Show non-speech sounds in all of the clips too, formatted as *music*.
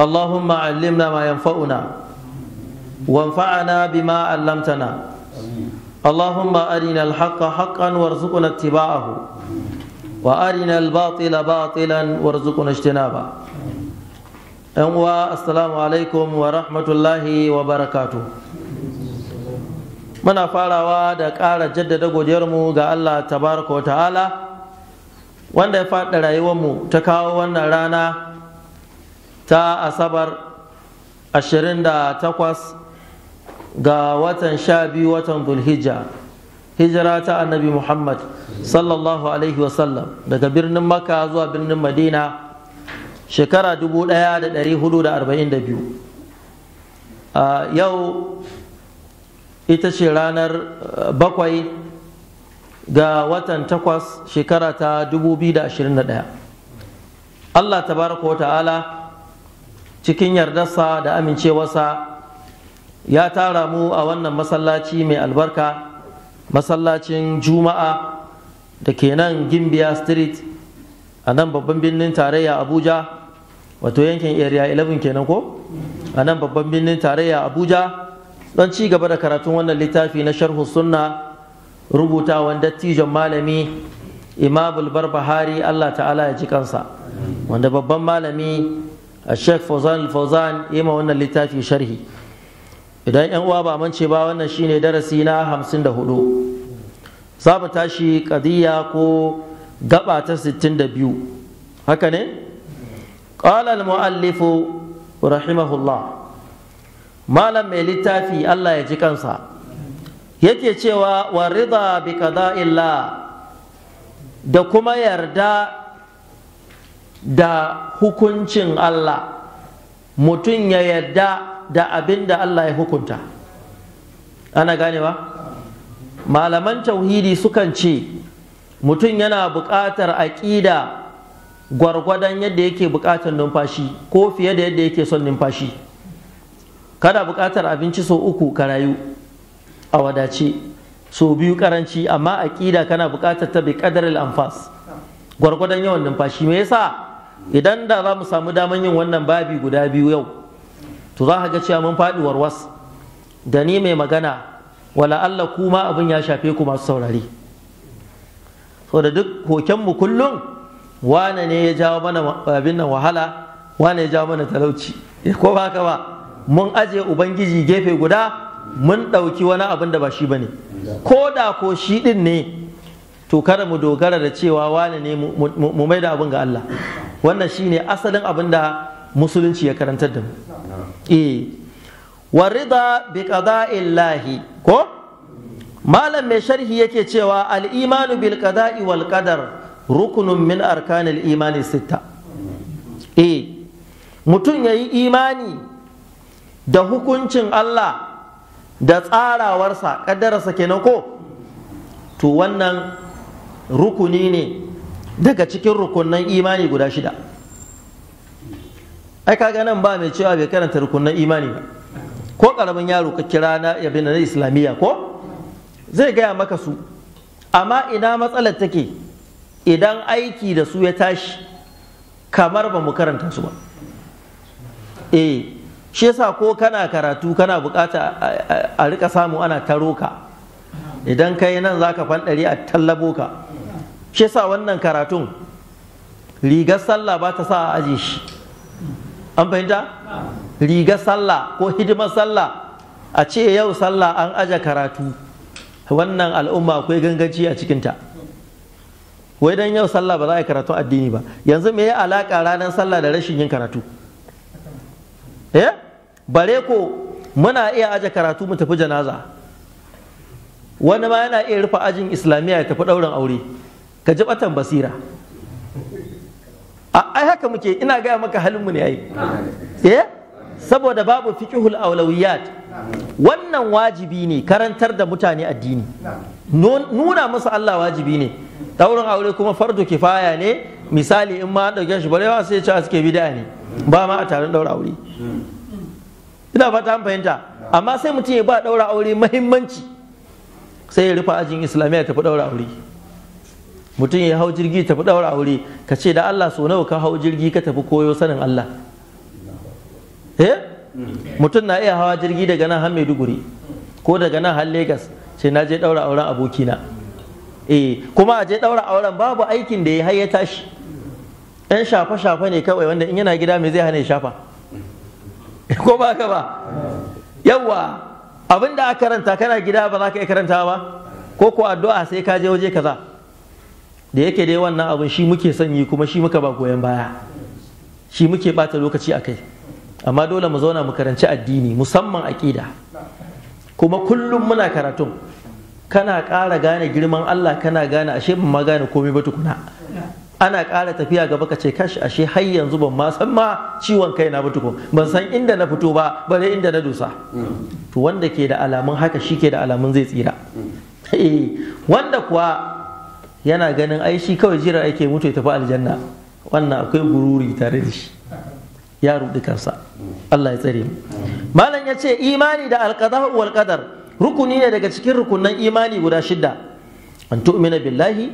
اللهم علمنا ما ينفعنا وانفعنا بما علمتنا اللهم أرنا الحق حقا وارزقنا اتباعه وأرنا الباطل باطلا وارزقنا اجتنابه yanwa assalamu alaikum wa rahmatullahi wa barakatu muna farawa da ƙara jaddada godiyarmu ga allah tabaraka wa ta'ala wanda ya rayuwar mu ta kawo wannan rana ta asabar 28 ga watan sha biyu watan dulhijja hijira ta annabi muhammad sallallahu alaihi wasallam daga birnin makka zuwa birnin madina shekara 1442 yau ita ce ranar eh, bakwai ga watan takwas shekara ta 2021 allah Ta tabaraka wa ta'ala cikin yardarsa da amincewarsa ya tara mu a wannan masallaci mai albarka masallacin juma'a da ke nan gimbiya street a nan babban birnin tarayya abuja wato yankin area 11 kenan ko a nan babban birnin tarayya abuja don ci gaba da karatun wannan littafi na sharhu sunna rubuta wanda dattijon malami imamul barbahari allah ta'ala ya ji kansa wanda babban malami Sheikh Fauzan Fauzan yi ma wannan littafi sharhi idan yan uwa ba mance ba wannan shine darasi na 54 za mu tashi qadiya ko gaba ta biyu. haka ne qala mu'allifu rahimahullah malam mai littafi Allah ya ji kansa yake cewa wa rida bi qada'illah da kuma yarda da hukuncin Allah mutum ya yarda da abin da Allah ya hukunta ana gane ba malaman tauhidi sukan ce mutum yana buƙatar aƙida gwargwadon yadda yake buƙatar numfashi ko fiye da yadda yake son numfashi kada buƙatar abinci sau uku ka rayu a wadace sau biyu karanci amma aƙida kana buƙatar ta bi ƙadar al'amfas gwargwadon yawan numfashi me yasa idan da za mu samu daman yin wannan babi guda biyu yau to za ga cewa mun faɗi warwas da ni mai magana wala Allah kuma abin ya shafe ku masu saurari da duk mu kullum wane ne ya jawo mana abin nan wahala wane ya jawo mana talauci eh, ko ba haka ba mun ajiye ubangiji gefe guda mun ɗauki wani abin da ba shi ba ne ko da ko shi ɗin ne to kada mu dogara da cewa wane ne mu mai da abin ga Allah wannan shine asalin abin da musulunci ya karantar da mu eh rida bi qada'illahi ko malam mai sharhi yake cewa al-imanu bil qada'i wal qadar ruknun min arkanil imani sitta eh mutum yayi imani da hukuncin Allah da tsarawarsa ƙaddararsa kenan ko to wannan rukuni ne daga cikin rukunan imani guda shida ai kaga nan ba mai cewa bai karanta rukunan imani ba ko karamin yaro ka kira na yabi na islamiyya ko zai gaya maka su amma ina matsalar take idan aiki da su ya tashi kamar ba mu karanta su ba eh shi yasa ko kana karatu kana bukata a rika samu ana taro ka idan kai nan zaka fanɗari a tallabo ka shi sa wannan karatun rigar sallah ba ta sa a aji shi an fahimta rigar sallah ko hidimar sallah a ce yau sallah an aja karatu wannan al'umma akwai ganganci a cikinta wai dan yau sallah ba za a yi karatun addini ba yanzu me ya alaka ranar sallah da rashin yin karatu eh bare ko muna iya aja karatu mu tafi janaza wani ma yana iya rufe ajin islamiyya ya tafi ɗaurin aure ka ji batan basira ai haka muke ina gaya maka halinmu ne yayi eh saboda babu fiqhul awlawiyat wannan wajibi ne karantar da mutane addini nuna musu Allah wajibi ne daurin aure kuma fardu kifaya ne misali in ma dauke shi wa sai a suke bid'a ne ba ma a taron daura aure ina fata an fahimta amma sai mutum ya ba daura aure muhimmanci sai ya rufe ajin islamiyya tafi daura aure mutum ya hau jirgi tafi daura aure ka ce da Allah so nawa ka hau jirgi ka tafi koyo sanin Allah eh mutum na iya hawa jirgi daga nan har Maiduguri ko daga nan har Lagos ce na je daura auren abokina eh kuma a je daura auren babu aikin da ya hayyata shi. tashi yan shafa shafa ne kawai wanda in yana gida me zai hana ya shafa *laughs* ko ba ka ba yawa abinda aka karanta kana gida ba za ka iya karanta ba ko ko addu'a sai ka je waje kaza da yake dai wannan abin shi muke sanyi kuma shi muka ba goyon baya shi muke bata lokaci a kai amma dole mu zauna mu karanci addini musamman aƙida kuma kullum muna karatun kana ƙara gane girman Allah kana gane ashe ban ma gane komai ba tukuna ana ƙara tafiya gaba ka ce kashi ashe har yanzu ban ma san ma ciwon kai na ba ban san inda na fito ba bare inda na dusa to wanda ke da alamun haka shi ke da alamun zai tsira mm. eh, wanda kuwa yana ganin ai shi kawai jira ake mutu ya tafi aljanna wannan akwai gururi tare da shi ya rudi kansa Allah ya tsare mu malam ya ce imani da alqada wal qadar rukuni ne daga cikin rukunan imani guda shidda an tu'mina billahi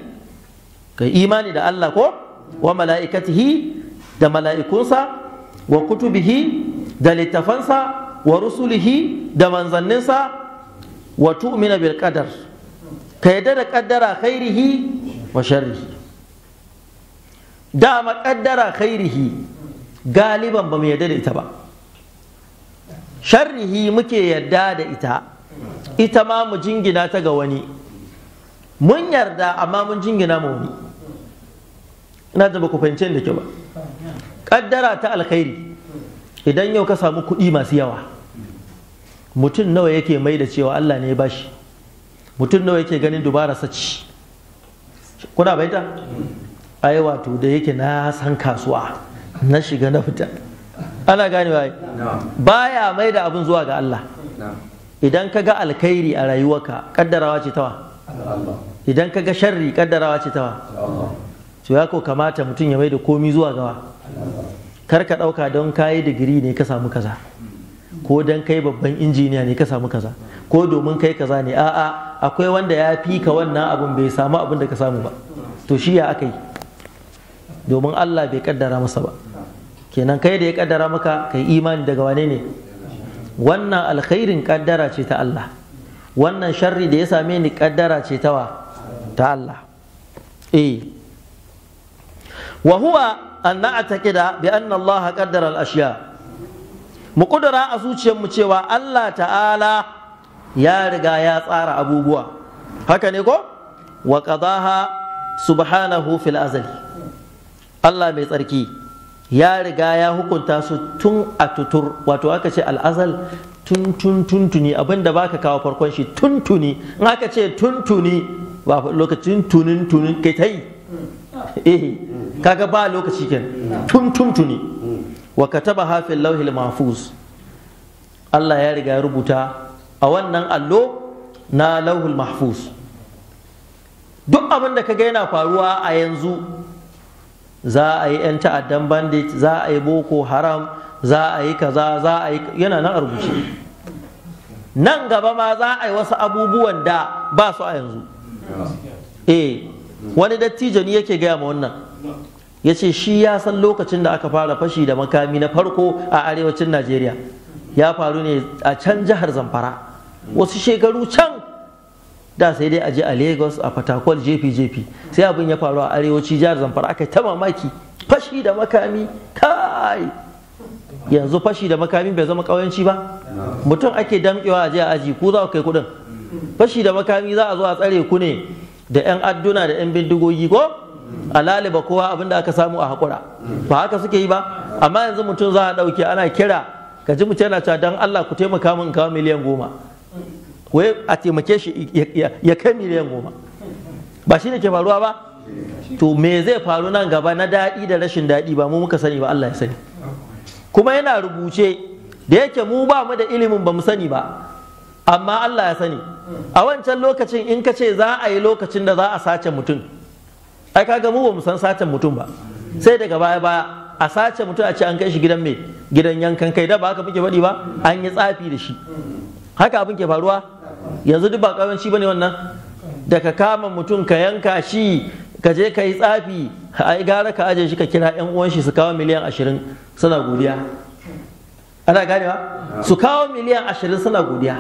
kai imani da Allah ko wa mala'ikatihi da mala'ikunsa wa kutubihi da littafansa wa rusulihi da manzanninsa wa tu'mina bil qadar ka yadda da kaddara khairihi wa sharrihi dama kaddara khairihi galiban ba mu yadda da ita ba sharrihi muke yadda da ita ita ma mu jingina ta ga wani mun yarda amma mun jingina ma wani ina da ba ku fahimce da ke ba kaddara ta alkhairi idan yau ka samu kuɗi masu yawa mutum nawa yake mai da cewa Allah ne ya bashi mutum nawa yake ganin dubara saci kuna baita ai wato da yake na san kasuwa na shiga na fita ana gane ba baya mai da abin zuwa ga Allah idan ka ga alkhairi a rayuwarka kaddarawa ce tawa idan ka ga sharri kaddarawa ce tawa to ya ko kamata mutum ya mai da komi zuwa gawa kar ka ɗauka don kayi digiri ne ka samu kaza ko don kai babban injiniya ne ka samu kaza ko domin kai kaza ne a'a akwai wanda ya fi ka wannan abun bai samu abin da ka samu ba to shi ya aka yi domin Allah bai kaddara masa ba kenan kai da ya kaddara maka kai imani daga wane ne wannan alkhairin kaddara ce ta Allah wannan sharri da ya same ni kaddara ce ta wa ta Allah eh wa huwa an na'taqida bi anna Allah qaddara al mu kudura a mu cewa Allah ta'ala ya riga ya tsara abubuwa haka ne ko wa qadaha subhanahu fil azali Allah mai tsarki ya riga ya hukunta su tun a tutur wato aka ce al'azal tun tun tuntuni abinda baka kawo farkon shi tuni, in aka ce tun tuni, ba lokacin tunin tunin kai ta eh kaga ba lokaci ken tun tun tuni. wa kataba hafin lauhil mahfuz Allah ya riga ya rubuta a wannan allo na lauhul mahfuz duk abin da kaga yana faruwa a yanzu za a yi 'yan ta'addan bandit za a yi boko haram za a yi kaza za a yi yana nan a rubuce nan gaba ma za a yi wasu abubuwan da ba su a yanzu eh wani dattijo ne yake gaya ma wannan ya ce shi ya san lokacin da aka fara fashi da makami na farko a arewacin najeriya ya faru ne a can jihar zamfara wasu shekaru can da sai dai a je a lagos a fatakwal jefi jefi sai abin ya faru a arewaci jihar zamfara aka ta mamaki fashi da makami kai yanzu fashi da makami bai zama ƙauyanci ba mutum ake damƙewa a a aji ku za ku kai kuɗin fashi da makami za a zo a tsare ku ne da 'yan adduna da 'yan bindigogi ko a laliba kowa abin da aka samu a haƙura ba haka suke yi ba amma yanzu mutum za a ɗauke ana kira ka ji mutum yana cewa don Allah ku taimaka min kawo miliyan goma wai a taimake shi ya kai miliyan goma ba shi ne ke faruwa ba to me zai faru nan gaba na daɗi da rashin daɗi ba mu muka sani ba Allah ya sani kuma yana rubuce da yake mu ba mu da ilimin ba mu sani ba amma Allah ya sani a wancan lokacin in ka ce za a yi lokacin da za a sace mutum ai kaga mu ba mu san satan mutum ba sai daga baya baya a sace mutum a ce an kai shi gidan mai gidan yankan kai da ba haka muke faɗi ba an yi tsafi da shi haka abin ke faruwa yanzu duk ba kawanci bane wannan da kama mutum ka yanka shi ka je ka tsafi ai gara ka aje shi ka kira yan uwan shi su kawo miliyan ashirin suna godiya ana ganewa su kawo miliyan ashirin suna godiya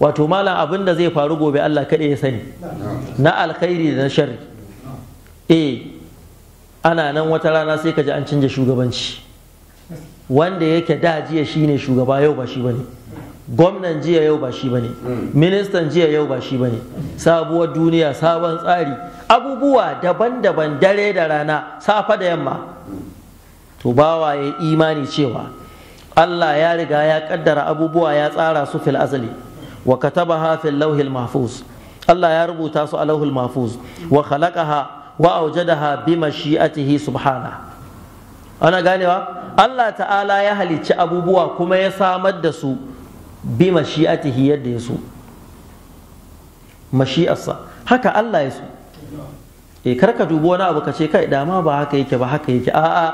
wato malam abin da zai faru gobe Allah kaɗai ya sani na alkhairi da na shari eh ana nan wata rana sai ka ji an canja shugabanci wanda yake da jiya ne shugaba yau ba shi ba ne. gwamnan jiya yau ba shi ba ne. ministan jiya yau ba shi ba ne. sabuwar duniya sabon tsari abubuwa daban-daban dare da rana safa da yamma to bawa ya imani cewa Allah ya riga ya kaddara abubuwa ya tsara su fil azali wa katabaha fil lawhil mahfuz Allah ya rubuta su a lawhil mahfuz wa khalaqaha wa awjadaha bi mashi'atihi subhana ana ganewa Allah ta'ala ya halicci abubuwa kuma ya samar da su bi mashi'atihi yadda ya so mashi'arsa haka Allah ya so e ka dubi wani abu ka ce kai dama ba haka yake ba haka yake a'a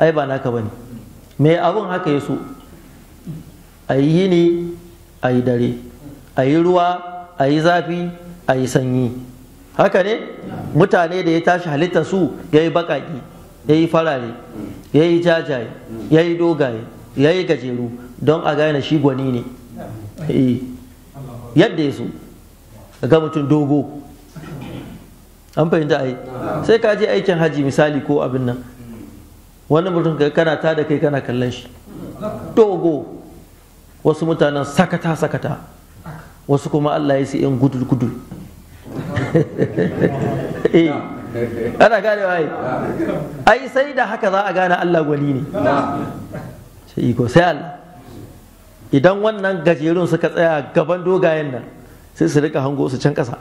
ai ba naka bane me abun haka ya so a yi yini a dare a yi ruwa a yi zafi a yi sanyi haka ne mutane da ya tashi halitta su ya yi baƙaƙi ya yi farare ya yi jajaye ya yi dogaye ya yi gajeru don a gane shi gwani ne eh, yadda ya so ga mutum dogo an fahimta a yi. sai ka je aikin haji misali ko abin nan wani mutum kana ta da kai kana kallon shi dogo wasu mutanen sakata sakata wasu kuma Allah ya sai yan gudul *laughs* eh ana gane wai ai sai da haka za a gane Allah gwani ne sai iko sai Allah idan wannan gajerun suka tsaya gaban dogayen nan sai su rika hango su can kasa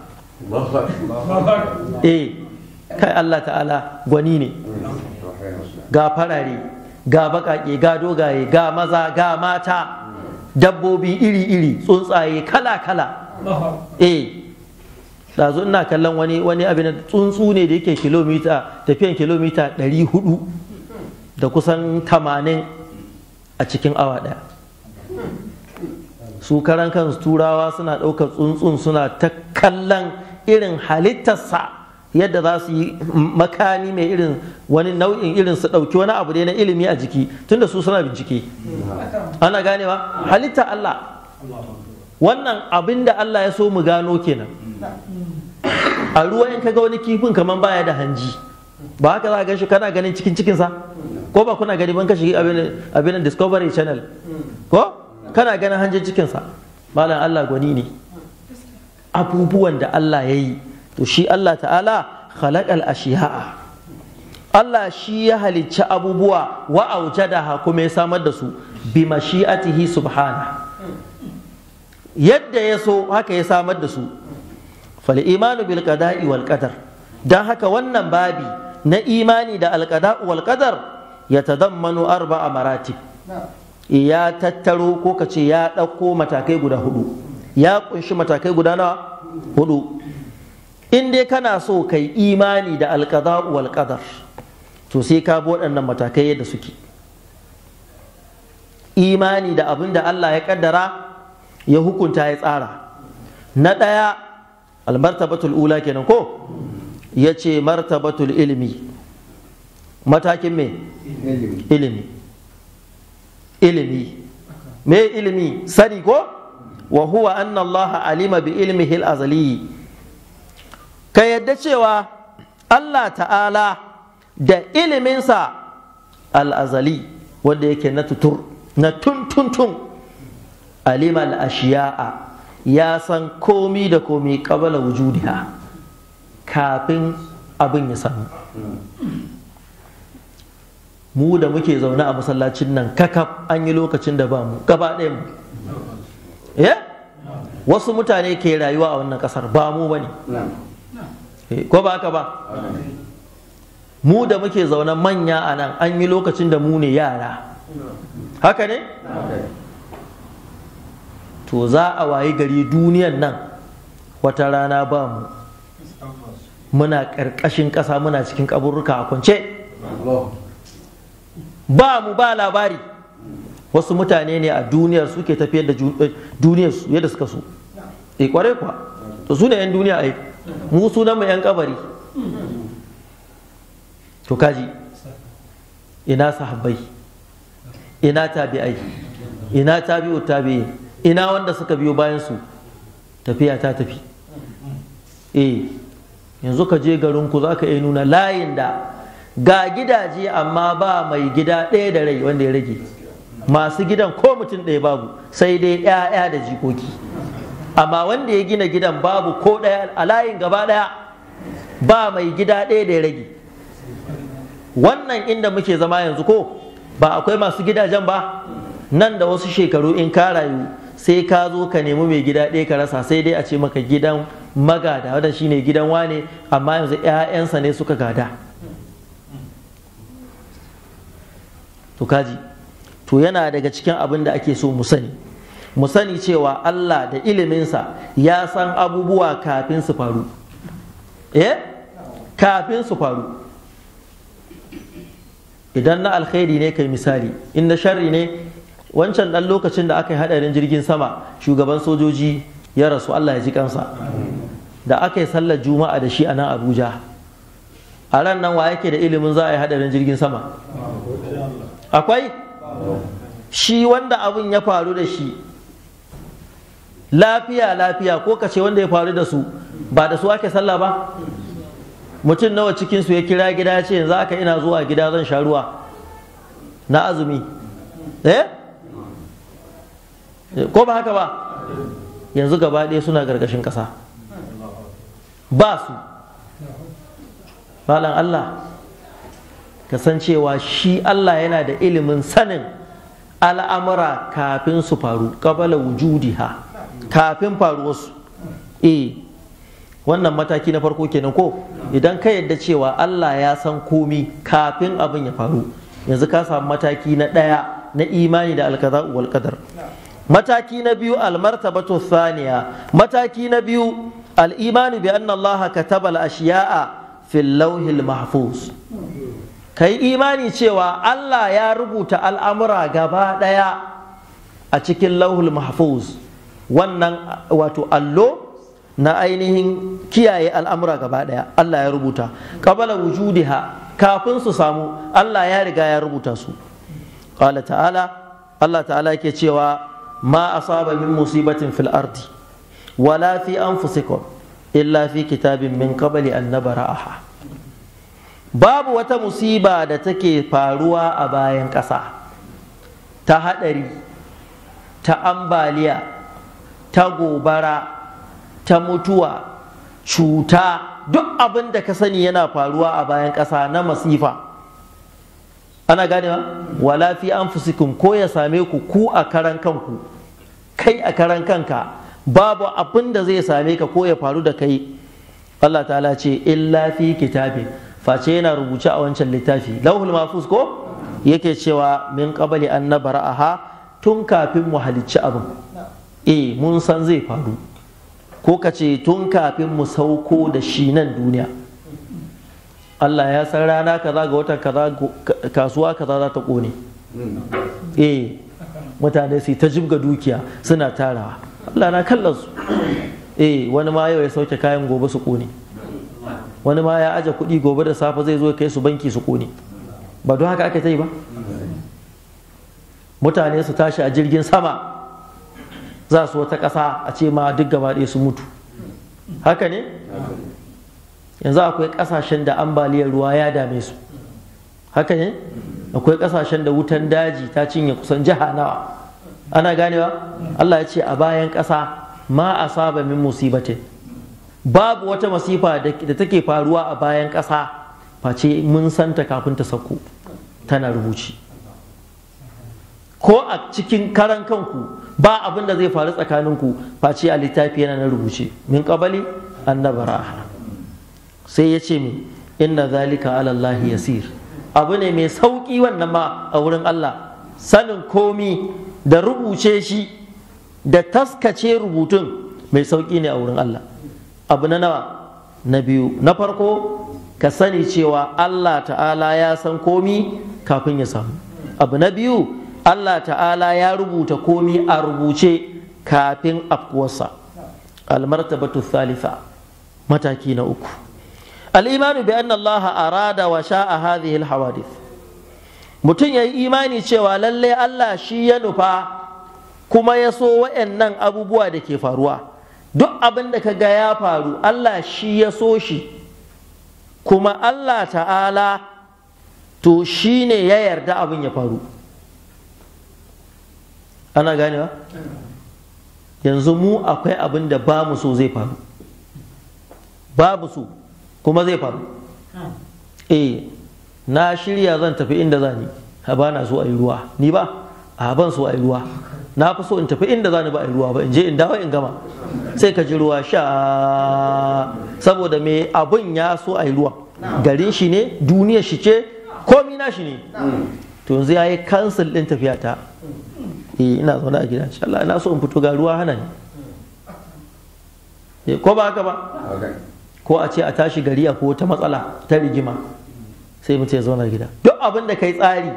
eh kai Allah ta'ala gwani ne ga farare ga baƙaƙe ga dogaye ga maza ga mata dabbobi iri-iri tsuntsaye kala-kala eh ɗazu ina kallon wani wani abin tsuntsu ne da yake kilomita tafiyan kilomita 400 da kusan 80 a cikin awa ɗaya su karan kansu turawa suna ɗaukar tsuntsun suna ta kallon irin halittarsa yadda za su yi makami mai irin wani nau'in irin su ɗauki wani abu dai na ilimi a jiki tunda su suna bincike ana ganewa halitta Allah wannan abin da Allah ya so mu gano kenan a ruwa in ga wani kifin kamar baya da hanji ba haka za ka shi kana ganin cikin cikinsa ko ba kuna gani ban kashi abin discovery channel ko kana ganin hanjin cikinsa malam Allah gwani ne abubuwan da Allah ya yi to shi Allah ta'ala khalaqal ashiya'a Allah shi ya halicci abubuwa wa aujadaha kuma ya samar da su bi mashi'atihi subhana yadda ya so haka ya samar da su fal imanu bil qada'i wal qadar dan haka wannan babi na imani da al qada'u wal qadar yatadammanu arba'a maratib ya tattaro ko kace ya ɗauko matakai guda hudu ya kunshi matakai guda nawa hudu in dai kana so ka yi imani da alqada'u wal to sai ka bi waɗannan matakai yadda suke imani da abin da Allah ya kaddara ya hukunta ya tsara na ɗaya almartabatul ula kenan ko ya ce martabatul ilimi matakin me ilimi ilimi me ilimi sani ko wa huwa anna Allah alima bi ilmihi al-azali ka yadda cewa Allah ta'ala da iliminsa al'azali wanda yake na tutur na tuntuntun alimal ashiya'a ya san komi da komi kabala wujudiha kafin abin ya samu mu da muke zaune a masallacin nan kakaf an yi lokacin da ba mu gaba ɗaya mu eh? wasu mutane ke rayuwa a wannan ƙasar ba mu ba ne Eh, ko ba haka ba mu da muke zaune manya a nan an yi lokacin da mu ne yara haka ne to za a wayi gari duniyan nan wata rana ba mu muna ƙarƙashin ƙasa muna cikin ƙaburruka a kwance ba mu ba labari wasu mutane ne a duniyar suke tafiyar da eh, duniyar yadda suka so e eh, kwarai kuwa to su ne 'yan duniya aiki mu sunan mu yan kabari to kaji ina sahabbai ina tabi'ai ina tabi'u tabi'i ina wanda suka biyo bayan su tafiya ta tafi eh yanzu ka je garin ku zaka iya nuna layin da ga gidaje amma ba mai gida ɗaya da rai wanda ya rage masu gidan ko mutum ɗaya babu sai dai 'ya'ya da jikoki amma wanda ya gina gidan babu ko ɗaya a layin gaba ɗaya ba mai gida ɗaya da ya rage wannan inda muke zama yanzu ko ba akwai masu gidajen ba nan da wasu shekaru in ka rayu sai ka zo ka nemi mai gida ɗaya ka rasa sai dai a ce maka gidan magada wadda shine gidan wane amma yanzu 'ya'yansa ne suka gada to kaji to yana daga cikin abin da ake so mu sani mu sani cewa Allah da iliminsa ya san abubuwa kafin su faru eh kafin su faru idan na alkhairi ne kai misali in na sharri ne wancan dan lokacin da aka yi hadarin jirgin sama shugaban sojoji ya rasu Allah ya ji kansa da aka yi sallar juma'a da shi a nan abuja a ran nan wa yake da ilimin za a yi hadarin jirgin sama akwai shi wanda abun ya faru da shi lafiya lafiya ko kace wanda ya faru da su ba da su ake sallah ba mutum nawa cikin su ya kira gida ya ce yanzu aka ina zuwa gida zan sha ruwa na azumi eh ko ba haka ba yanzu gaba ɗaya suna gargashin ƙasa ba su malam Allah kasancewa shi Allah yana da ilimin sanin al'amura kafin su faru ƙabala wujudiha kafin faruwarsu E, wannan mataki na farko kenan ko idan ka yadda cewa Allah ya san komi kafin abin ya faru yanzu ka samu mataki na ɗaya na imani da alkaza wal qadar mataki na biyu almartabatu thaniya mataki na biyu al'imani bi anna Allah kataba ashiyaa fil lawhil mahfuz kai imani cewa Allah ya rubuta al'amura gaba ɗaya a cikin lauhul mahfuz wannan wato allo na ainihin kiyaye al'amura gaba ɗaya Allah ya rubuta qabala wujudiha kafin su samu Allah ya riga ya rubuta su qala ta'ala Allah ta'ala yake cewa ma asaba min musibatin fil ardi wala fi anfusikum illa fi kitabin min qabli an nabara'aha babu wata musiba da take faruwa a bayan ƙasa ta haɗari ta ambaliya ta gobara ta mutuwa cuta duk abin da ka sani yana faruwa a bayan ƙasa na masifa ana ganewa wala fi anfusikum ko ya same ku ku a karan kanku kai a karan kanka babu abin da zai same ka ko ya faru da kai Allah ta'ala ce illa fi kitabin face yana rubuce a wancan littafi lauhul mafus ko yake cewa min kabali an ha tun kafin mu halicci abin eh mun san zai faru ko ka ce tun kafin mu sauko da shi nan duniya Allah ya san rana kaza ga wata kaza kasuwa kaza za ta kone eh mutane su ta jibga dukiya suna tarawa Allah na kallon su eh wani ma yau ya sauke kayan gobe su kone wani ma ya aje kuɗi gobe da safe zai zo ya kai su banki su kone ba don haka aka ta yi ba mutane su tashi a jirgin sama za su wata ƙasa a ce ma duk gaba ɗaya su mutu haka ne yanzu akwai ƙasashen da ambaliyar ruwa ya dame su haka ne akwai ƙasashen da wutan daji ta cinye kusan jiha nawa ana ganewa Allah ya ce a bayan ƙasa ma a saba min musibatin babu wata masifa da take faruwa a bayan ƙasa face mun santa kafin ta sauko tana rubuci ko a cikin karan kanku ba abin da zai faru tsakaninku face a littafi yana na rubuce min kabali annabara sai ya ce mi inna zalika alallahi yasir abu ne mai sauƙi wannan ma a wurin Allah sanin komi da rubuce shi da taskace rubutun mai sauki ne a wurin Allah abu na nawa na biyu na farko ka sani cewa Allah ta'ala ya san komi kafin ya samu abu na biyu Allah ta'ala ya rubuta komi a rubuce kafin afkuwarsa almartabatu thalitha mataki na uku al'imanu bi anna Allah arada wa sha'a hadhihi alhawadith mutum ya yi imani cewa lallai Allah shi ya nufa kuma ya so wa'annan abubuwa da ke faruwa duk abin da ka ga ya faru Allah shi ya so shi kuma Allah ta'ala to shi ne ya yarda abin ya faru ana ganewa yanzu mu akwai abin da ba mu so zai faru babu so kuma zai faru eh na shirya zan tafi inda zani ba na so a yi ruwa ni ba a ban so a yi ruwa na fi so in tafi inda zani ba a yi ruwa ba in je in dawo in gama sai ka ji ruwa sha saboda me abin ya so a yi ruwa garin shi ne duniyar shi ce komi na shi ne to yanzu ya yi kansil ɗin tafiya ta eh ina zaune a gida insha Allah ina so in fito ga ruwa hana ni eh, ko ba haka ba ko a ce a tashi gari a ko ta matsala ta rigima sai mu ce zauna gida duk abin da kai tsari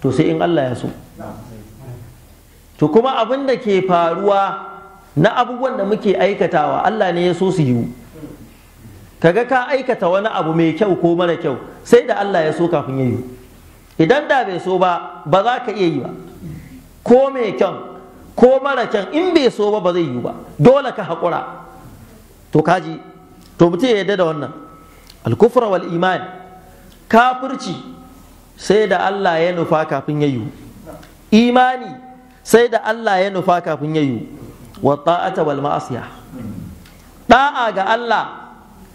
to sai in Allah ya so to kuma abin da ke faruwa na abubuwan da muke aikatawa Allah ne ya so su yiwu kaga ka aikata wani abu mai kyau ko mara kyau sai da Allah ya so kafin ya yi idan da bai so ba ba za ka iya yi ba ko mai kyan ko mara kyan in bai so ba ba zai yi ba dole ka haƙura to kaji to mutum ya yarda da wannan alkufra wal iman kafirci sai da Allah ya nufa kafin ya yi imani sai da Allah ya nufa kafin ya yi wa ta'ata wal ma'asiya Ɗa'a ga Allah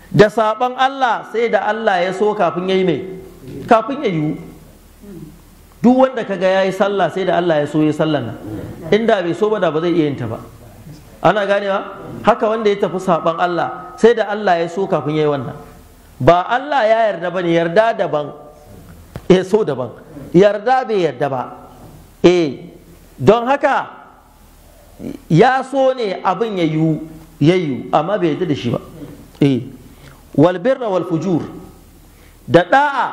da saban Allah sai da Allah ya so kafin ya yi mai kafin ya yi duk wanda ka ga ya yi sallah sai da Allah ya so ya sallah nan inda bai so ba da ba zai iya yin ta ba ana gane ganewa haka wanda ya tafi saban Allah sai da Allah ya so kafin ya yi wannan ba Allah ya yarda bane yarda daban ya eh, so daban yarda bai yarda ba eh don haka ya so ne abin ya yiwu ya yi amma bai yarda da shi ba eh wal birra wal fujur da da'a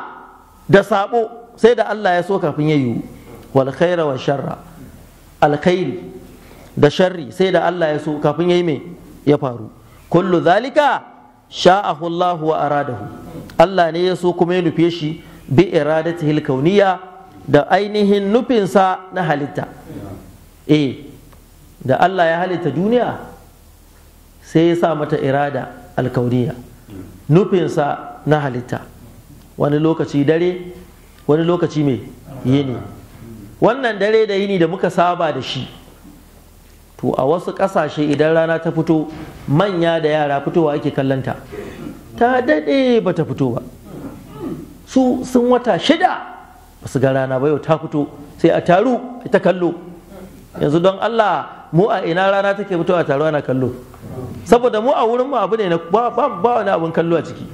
da sabo sai da Allah ya so kafin ya yiwu wal khaira wa sharra alkhairi da sharri sai da Allah ya so kafin ya yi mai ya faru kullu zalika sha'ahu Allah wa aradahu Allah ne ya so kuma ya nufe shi bi iradatihi alkauniyya da ainihin nufinsa na halitta eh da Allah ya halitta duniya sai ya sa mata irada alkauniya nufinsa na halitta wani lokaci dare wani lokaci mai yini wannan dare da yini da muka saba da shi to a wasu ƙasashe idan rana ta fito manya da yara fitowa ake kallanta ta daɗe ba ta fito ba su sun wata shida ba su ga rana ba yau ta fito sai a taru ta kallo yanzu don Allah mu a ina rana take fitowa a taru ana kallo saboda mu a wurin mu abu ne na ba wani abun kallo a ciki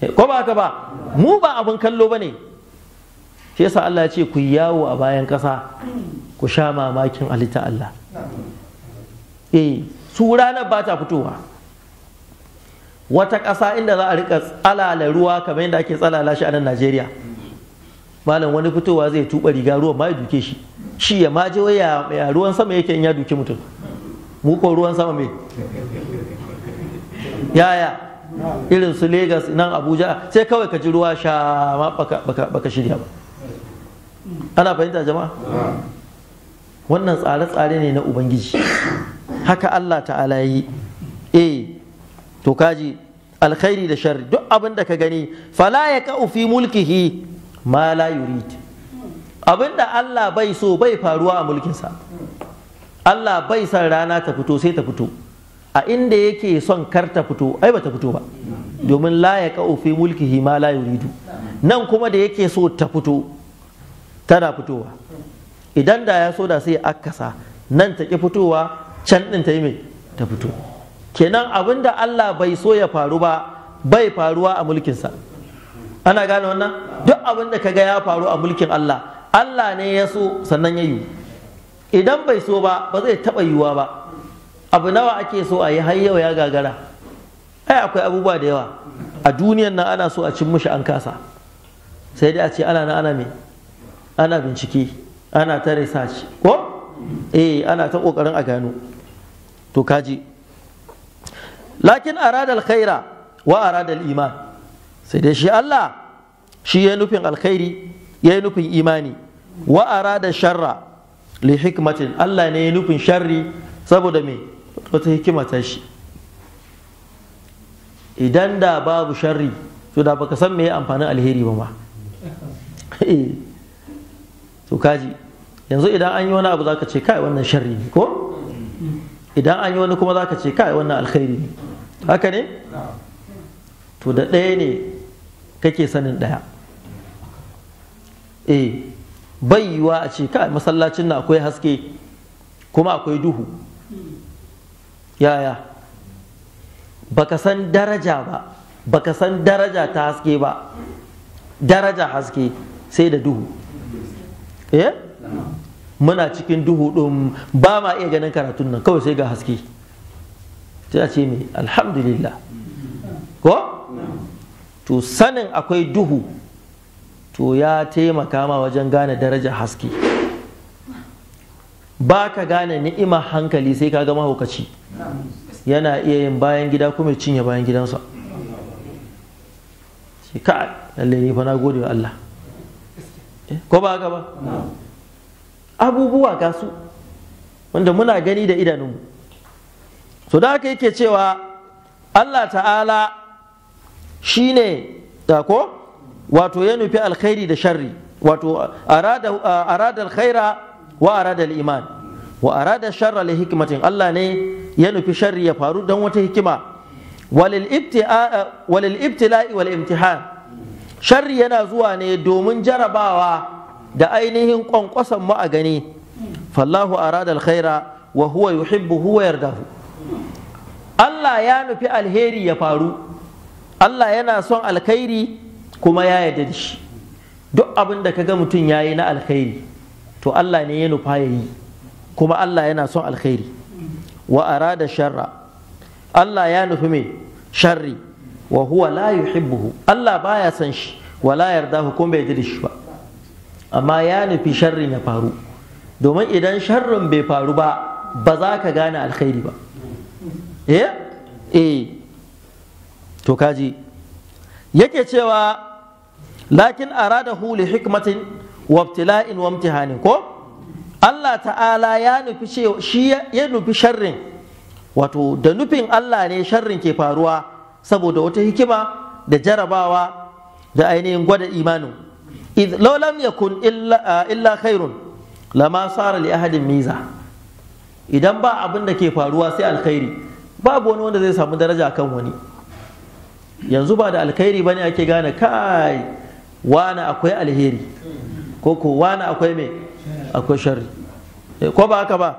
eh, ko ba haka ba mu ba abun kallo ba ne shi yasa Allah ya ce ku yawo a bayan kasa ku sha mamakin halitta Allah eh su ranar ba ta fitowa wata ƙasa inda za a rika tsalala ruwa kamar yadda ake tsalala shi a nan Najeriya malam wani fitowa zai tuba riga ruwan ma ya duke shi shi ya ma je ya ruwan sama yake in ya duke mutum mu ko ruwan sama me yaya irin su Legas nan Abuja sai kawai ka ji ruwa sha ma baka shirya ba ana fahimta jama'a wannan tsare-tsare ne na ubangiji haka Allah ta'ala yi eh to kaji alkhairi da shari duk abin da ka gani fala ya ka'u fi mulkihi ma la yurid abin da Allah bai so bai faruwa a mulkinsa Allah bai son rana ta fito sai ta fito a inda yake son kar ta fito ai ba ta fito ba domin la ya ka'u fi mulkihi ma la yuridu nan kuma da yake so ta fito tana fitowa idan da ya so da sai akasa nan ta ki fitowa can ɗin ta yi mai ta fito kenan abin da Allah bai so ya faru ba bai faruwa a mulkinsa ana gane wannan duk abin da kaga ya faru a mulkin Allah Allah ne ya so sannan ya yi idan bai so ba ba zai taɓa yiwuwa ba abu nawa ake so a yi har yau ya gagara ai akwai abubuwa da yawa a duniyan nan ana so a cin mushi an kasa sai dai a ce ana na ana mai ana bincike ana ta research ko eh ana ta kokarin a gano to kaji lakin arada alkhaira wa arada iman sai dai shi Allah shi ya nufin alkhairi ya nufin imani wa arada sharra li hikmatin Allah ne ya nufin sharri saboda me wata hikima ta shi idan da babu sharri to da baka san me amfanin alheri ba ma *laughs* eh. to kaji yanzu idan an yi wani abu zaka ce kai wannan sharri ne ko idan an yi wani kuma zaka ce kai wannan alkhairi ne haka ne to da ɗaya ne kake sanin ɗaya E, bai yiwa a ce kai masallacin na akwai haske kuma akwai duhu yaya baka san daraja ba baka san daraja ta haske ba daraja haske sai da duhu eh muna cikin duhu ɗin ba ma iya ganin karatun nan kawai sai ga haske ta ce mai alhamdulillah ko to sanin akwai duhu to ya taimaka ma wajen gane darajar haske ba ka gane ni'ima hankali sai ka ga mahaukaci yana iya yin bayan gida kuma cinye bayan gidansa shi ka lalle ni fa gode wa Allah ko ba haka ba abubuwa ga su wanda muna gani da idanunmu so da haka yake cewa Allah ta'ala shi ne ko wato ya nufi alkhairi da sharri wato arada alkhaira wa arada iman wa arada sharra li hikmatin Allah ne ya nufi sharri ya faru don wata hikima walil ibtila'i wal imtihan sharri yana zuwa ne domin jarabawa da ainihin ƙwanƙwasan mu a gani fallahu arada alkhaira wa huwa yuhibbu huwa yardahu Allah ya nufi alheri ya faru Allah yana son alkhairi kuma ya yarda da shi duk abin da kaga mutum yayi na alkhairi to Allah ne ya nufa ya yi kuma Allah yana son alkhairi wa arada sharra Allah ya nufi mai sharri wa huwa la yuhibbuhu Allah baya san shi wala yarda yardahu kuma bai da shi ba amma ya nufi sharrin ya faru domin idan sharrin bai faru ba ba za ka gane alkhairi ba eh eh to kaji yake cewa lakin aradahu li hikmatin wa ibtila'in wa imtihanin ko Allah ta'ala ya nufi shi ya nufi sharrin wato da nufin Allah ne sharrin ke faruwa saboda wata hikima da jarabawa da ainihin gwada imanin idh law lam yakun illa illa khairun lama sara li ahadin miza idan ba abin da ke faruwa sai alkhairi babu wani wanda zai samu daraja kan wani yanzu ba da alkhairi bane ake gane kai wani akwai alheri ko ko wani akwai me akwai sharri eh, ko ba haka ba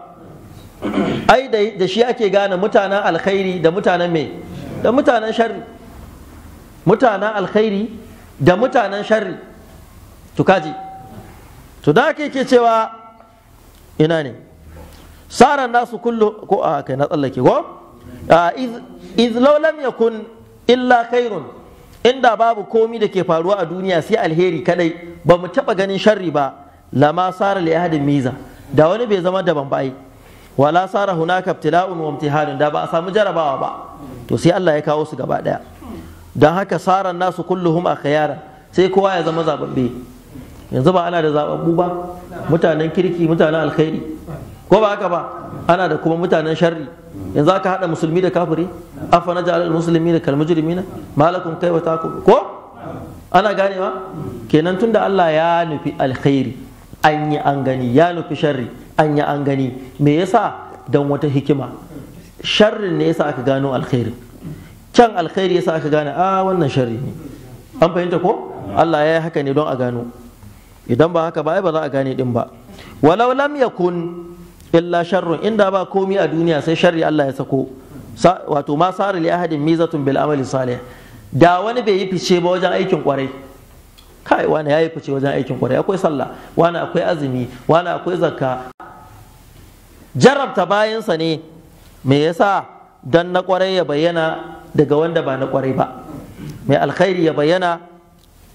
ai da shi ake gane mutanen alkhairi da mutanen me da mutanen sharri mutanen alkhairi da mutanen sharri to to da ake ke cewa ina ne saran nasu kullu ko a kai na tsallake ko iz lam yakun illa khairun inda babu komi da ke faruwa a duniya sai alheri kadai ba mu taba ganin sharri ba lama sara li miza da wani bai zama daban ba wala sara hunaka ibtila'un wa imtihanun da ba a samu jarabawa ba to sai Allah ya kawo su gaba daya dan haka saran nasu kulluhum akhyara sai kowa ya zama zababbe yanzu ba ana da zababbu ba mutanen kirki mutanen alkhairi ko ba haka ba ana da kuma mutanen sharri yanzu aka hada musulmi da kafiri afa najal al da kal mujrimina malakum wa takum ko ana ganewa kenan tunda Allah ya nufi alkhairi an yi an gani ya nufi sharri an yi an gani me yasa don wata hikima sharrin ne yasa aka gano alkhairi can alkhairi yasa aka gane a ah, wannan sharri ne an fahimta ko Allah ya yi haka ne don a gano idan ba haka ba ba za a gane din ba walau lam yakun illa sharrun inda ba komi a duniya sai sharri Allah ya sako wato ma sari ahadin mizatun bil amali salih da wani bai yi fice ba wajen aikin kwarai kai wani yi fice wajen aikin kwarai akwai sallah wani akwai azumi wani akwai zakka jarabta bayansa ne me yasa dan na kwarai ya bayyana daga wanda ba na kwarai ba mai alkhairi ya bayyana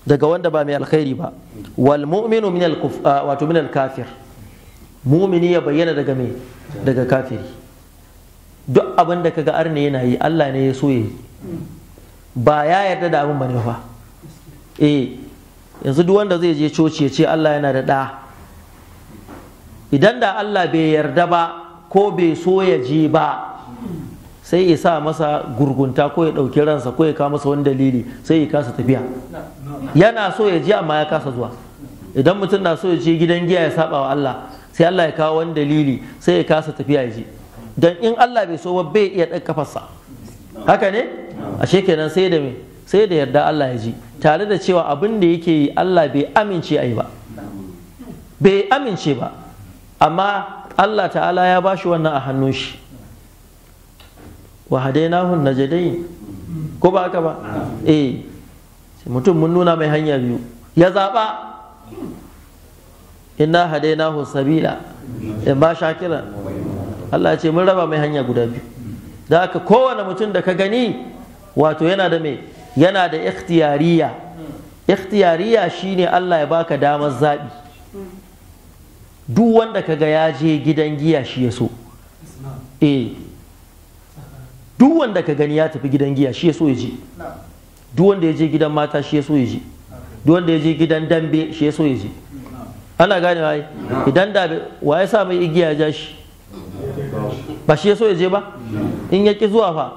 daga wanda ba mai alkhairi ba wal mu'minu min al wato min al kafir mu'mini ya bayyana daga me daga kafiri duk abin da kaga arne yana yi Allah ne ya so ba ya yarda da abin bane fa eh yanzu duk wanda zai je coci ya ce Allah yana da ɗa idan da Allah bai yarda ba ko bai so ya je ba sai ya sa masa gurgunta ko ya ɗauki ransa ko ya kawo masa wani dalili sai ya kasa tafiya yana so ya je amma ya kasa zuwa idan mutum na so ya je gidan giya ya saba wa Allah sai Allah ya kawo wani dalili sai ya kasa tafiya ya je dan in Allah bai so ba bai iya ɗan kafarsa haka ne ashe kenan sai da me sai da yarda Allah ya ji tare da cewa abin da yake yi Allah bai amince a yi ba bai amince ba amma Allah ta'ala ya ba shi wannan a hannun shi wa hadainahun najadain ko ba haka ba eh mutum mun nuna mai hanya biyu ya zaba inna hadainahu sabila ba shakiran Allah ce mun raba mai hanya guda biyu da haka kowane mutum da ka gani wato yana da mai yana da ikhtiyariya ikhtiyariya shine Allah ya baka damar zaɓi duk wanda kaga ya je gidan giya shi ya so eh duk wanda ka gani ya tafi gidan giya shi ya so ya je duk wanda ya je gidan mata shi ya so ya je duk wanda ya je gidan dambe shi ya so ya je ana gane wai idan da wa ya sa mai igiya ja shi ba shi ya so ya je ba in ya ki zuwa fa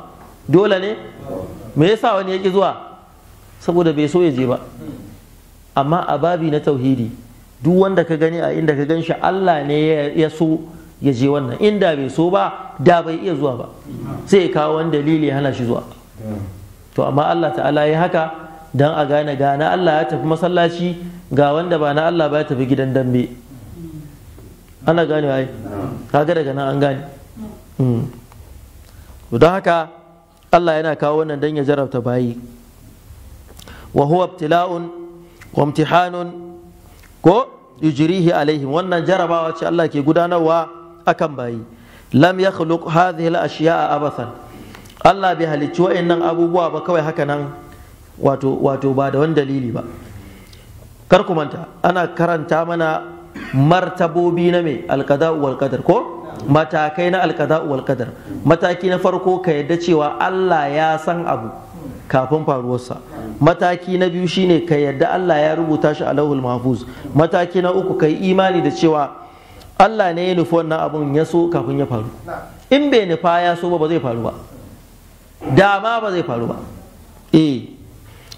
dole ne me yasa wani yaki zuwa saboda bai so ya je ba amma a babi na tauhidi duk wanda ka gani a inda ka gan shi Allah ne ya so ya je wannan inda bai so ba da bai iya zuwa ba sai ya kawo wani dalili ya hana shi zuwa to amma Allah ta'ala ya haka dan a gane gane Allah ya tafi masallaci ga wanda ba na Allah ba ya tafi gidan dambe ana gane ai kaga daga nan an gane hmm. don haka Allah yana kawo wannan don ya jarabta bayi wa huwa ibtila'un wa imtihanun ko yujrihi alaihim wannan jarabawa ce Allah ke gudanarwa akan bayi lam yakhluq hadhihi al-ashya'a abathan Allah bai halicci wa'annan abubuwa ba kawai haka nan wato wato ba da wani dalili ba kar ku manta ana karanta mana martabobi na me alqada wal qadar ko matakai na alkada wal kadar mataki na farko ka yadda cewa Allah ya san abu kafin faruwarsa mataki na biyu shine ka yadda Allah ya rubuta shi a lauhul mahfuz mataki na uku ka yi imani da cewa Allah ne ya nufi wannan abun ya so kafin ya faru in bai nufa ya so ba ba zai faru ba dama ba zai faru ba eh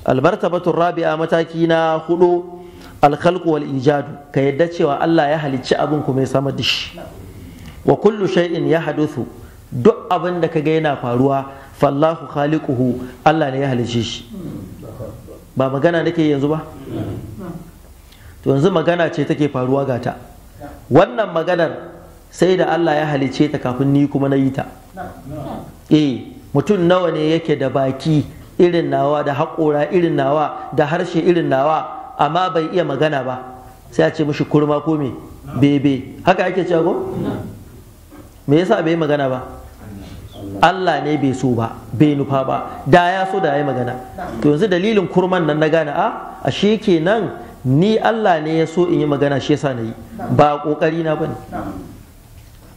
batun rabi'a mataki na hudu alkhalqu ijadu ka yadda cewa Allah ya halicci abin kuma ya samar da shi wa kullu shay'in ya hadusu duk abin da kaga yana faruwa fallahu khaliquhu Allah ne ya halice shi ba magana nake yanzu ba to yanzu magana ce take faruwa ga ta. wannan maganar sai da Allah ya halice ta kafin ni kuma na yi ta eh mutum nawa ne yake da baki irin nawa da haƙora irin nawa da harshe irin nawa amma bai iya magana ba sai a ce mishi kurma ko me bebe haka yake cewa ko me yasa bai magana ba Allah ne bai so ba bai nufa ba da ya so da ya magana to yanzu dalilin kurman nan na gane a ah, ashe kenan ni Allah ne ya so in yi magana shi yasa na yi ba kokari na bane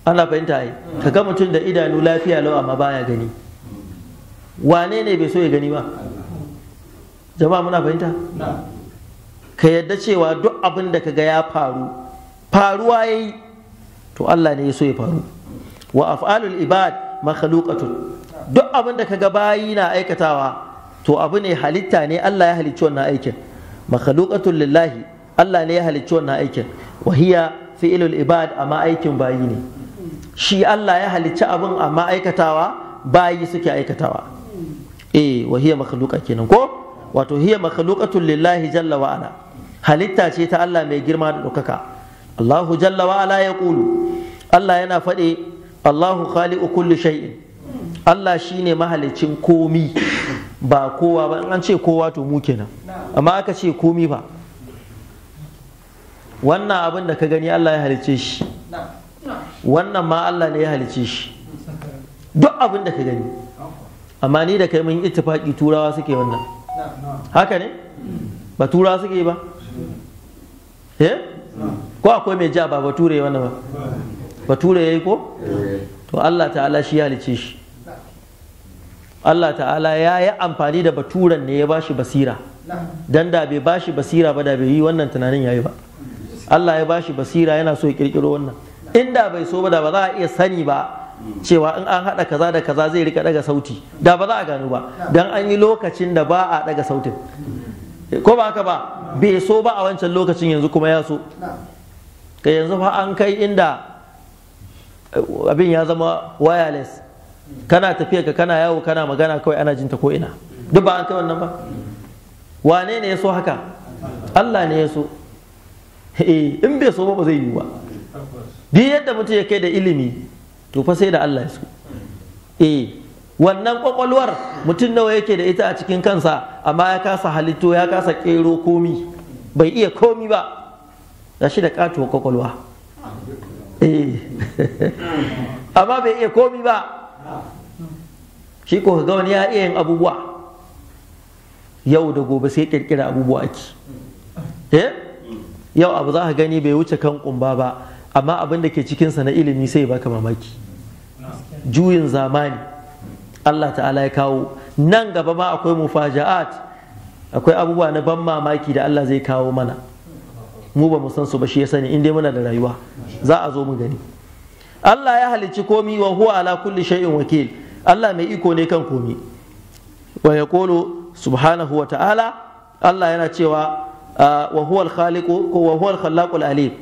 ana fahimta ai ka ga mutum da idanu lafiya lau amma baya gani wane ne bai so ya gani ba jama'a muna fahimta ka yadda cewa duk abin da ka ga ya faru faruwa yayi to Allah ne ya so ya faru wa af'alul ibad makhluqatun duk abin da kaga bayi na aikatawa to abu ne halitta ne Allah ya halicci wannan aikin makhluqatun lillahi Allah ne ya halicci wannan aikin wa hiya fi'lul ibad amma aikin bayi ne shi Allah ya halicci abin amma aikatawa bayi suke aikatawa eh wa hiya makhluqa kenan ko wato hiya makhluqatun lillahi jalla wa ala halitta ce ta Allah mai girma da ɗaukaka Allahu jalla wa ala ya kulu Allah yana faɗe Allahu khaliqu kulli shay'in Allah shine mahalicin komi ba kowa ba an ce kowa to mu kenan amma aka ce komi ba wannan abin da ka gani Allah ya halice shi wannan ma Allah ne ya halice shi duk abin da ka gani amma ni da kai mun ittifaki turawa suke wannan haka ne ba turawa suke ba eh ko akwai mai ja ba bature wannan ba bature yayi ko to Allah ta'ala shi ya lice shi Allah ta'ala ya yi amfani da baturan ne ya bashi basira dan da bai bashi basira ba da bai yi wannan tunanin yayi ba Allah ya bashi basira yana so ya kirkiro wannan inda bai so ba da ba za a iya sani ba cewa in an haɗa kaza da kaza zai rika daga sauti da ba za a gano ba dan an yi lokacin da ba a daga sautin ko ba haka ba bai so ba a wancan lokacin yanzu kuma ya so kai yanzu fa an kai inda abin ya zama wireless kana tafiya ka kana yawo kana magana kawai ana jinta ko ina duk ba an kai wannan ba wane ne ya so haka Allah ne ya so in bai so ba zai yi ba duk yadda mutum ya kai da ilimi to fa sai da Allah ya so e, wannan kwakwalwar mutum nawa yake da ita a cikin kansa amma ya kasa halitto ya kasa kero komi bai iya komi ba gashi da katuwa kwakwalwa Eh. *laughs* amma bai iya komi ba shi ko ga ya iya yin abubuwa yau da gobe sai kirkira abubuwa ake eh? yau abu za ka gani bai wuce kan kumba ba amma abin da ke cikinsa na ilimi sai baka mamaki juyin zamani Allah ta'ala ya kawo nan gaba ma akwai mufaja'at akwai abubuwa na ban mamaki da Allah zai kawo mana mu ba mu san su ba shi ya sani in dai muna da rayuwa za a zo mu gani Allah ya halicci komi wa huwa ala kulli shay'in wakil Allah mai iko ne kan komi wa yaqulu subhanahu wa ta'ala Allah yana cewa ah, wa huwa al-khaliqu wa huwa al-khallaqul alim